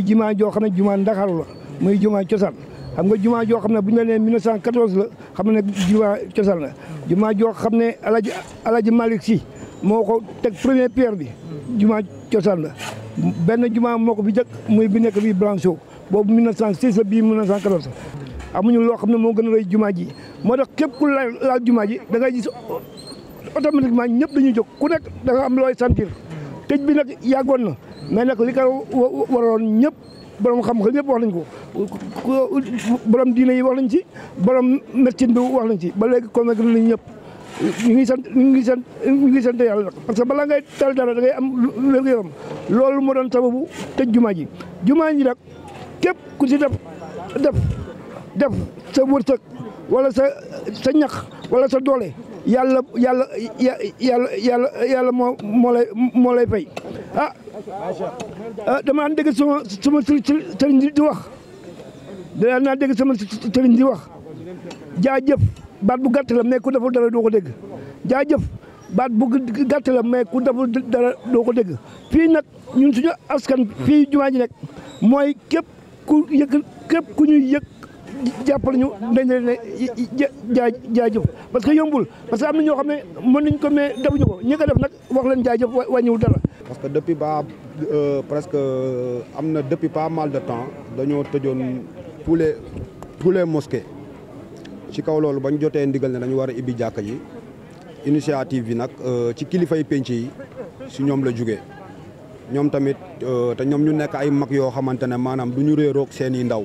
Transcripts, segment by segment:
muy jumaa joo xam ne jumaa Ndakaaru la muy jumaa cosaan xam nga jumaa joo xam ne bu ñu la nee 1914 la xam ne jumaa cosaan la jumaa joo xam ne alaji alaji Malick si moo ko teg première pierre bi jumaa cosaan la benn jumaa moo ko fi jëkk muy bi nekk bi Blanchot boobu 1906 la bii 1914 amuñu loo xam ne moo gën a rëy jumaa ji moo tax képp ku laal laal jumaa ji da ngay gis automatiquement ñëpp dañu jóg ku nekk da nga am looy sentir tëj bi nag yàggoon na mais nag li ko waroon ñëpp borom xam-xam yëpp wax nañ ko borom diine yi wax nañ ci borom médecine bi wax nañ ci ba léegi convaincre nañ ñëpp ñu ngi sant ñu ngi sant yàlla nag parce que balaa ngay tal dara da ngay am wér-gu-yaram loolu moo doon sababu tëj jumaa ji jumaa ji nag képp ku ci def def def sa wërsëg wala sa sa ñax wala sa doole yàlla yàlla yàlla yàlla yàlla moo moo lay moo lay fay ah, ah damaa dégg sama sama sëriñ di wax danaa naa dégg sama sëriñ di wax jaa jaajëf baat bu gàtt la mais ku deful dara doo ko dégg jaajëf baat bu gàtt la mais ku deful dara doo ko dégg fii nag ñun suñu askan fii jumaa ji nekk mooy képp ku yëg képp ku ñuy yëg jàppale ñu dañ leen jaa jaajëf parce que yombul parce que am na ñoo xam ne mën nañ ko mais defuñu ko ñi ko def nag wax leen jaajëf wàññiwul dara. parce que depuis ba euh, presque euh, am na depuis pas mal de temps dañoo tëjoon tous les tous les mosquées ci kaw loolu ba ñu jotee ndigal ne dañu war a ibbi jàkka yi initiative yi nag euh, ci kilifay penc yi si ñoom la juge ñoom tamit te ñoom ñu nekk ay mag yoo xamante ne maanaam du ñu réeroog seen i ndaw.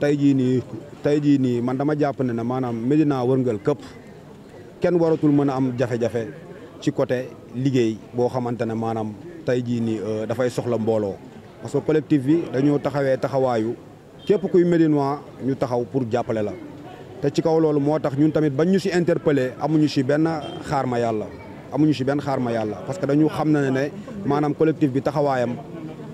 tey jii nii tey jii nii man dama jàpp na ne maanaam Médina wërngal këpp kenn waratul mën a am jafe-jafe ci côté liggéey boo xamante ne maanaam tey jii nii euh, dafay soxla mbooloo parce que collectif bi dañoo taxawee taxawaayu képp kuy Médinois ñu taxaw pour jàppale la te ci kaw loolu moo tax ñun tamit bañ ñu si interpellé amuñu si benn xaar ma yàlla amuñu si benn xaar ma yàlla parce que dañu xam na ne maanaam collective bi taxawaayam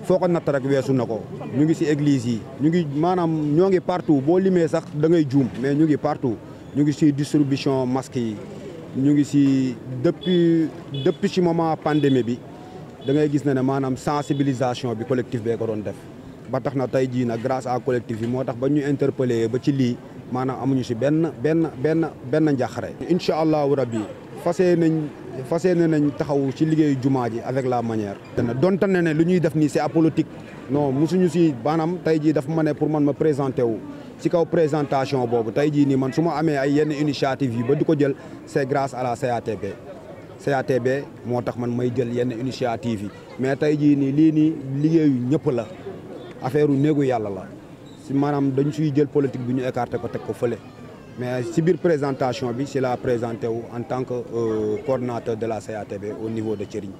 foo ko natt rek weesu na ko ñu ngi si église yi ñu ngi maanaam ñoo ngi partout boo limee sax dangay ngay juum mais ñu ngi partout ñu ngi si distribution masque yi ñu ngi si depuis depuis si moment pandémie bi da ngay gis ne ne maanaam sensibilisation bi collectif bee ko doon def ba tax na tey jii na grace à collectif yi moo tax ba ñu interpellé ba ci lii maanaam amuñu si benn benn benn benn njàqare. incha allahu rabbi fas nañ. fas nañ taxaw ci liggéeyu jumaa ji avec la manière. donte ne ne lu ñuy def ni c'est apolitique non mosuñu ci banam tey jii daf mané pour man me présenter wu ci kaw présentation bobu tey jii nii man suma amé ay yenn initiative yi ba diko jël c'est grâce à la CATB. CATB motax man may jël yenn initiative yi mais tey jii nii ni nii liggéeyu ñëpp la affaire négu yalla la si manam dañ suy jël politique bi ñu écarté ko tek ko feulé mais si euh, présentation bi c'est la présenté en tant que euh, coordonnateur de la CATB au niveau de Thiering.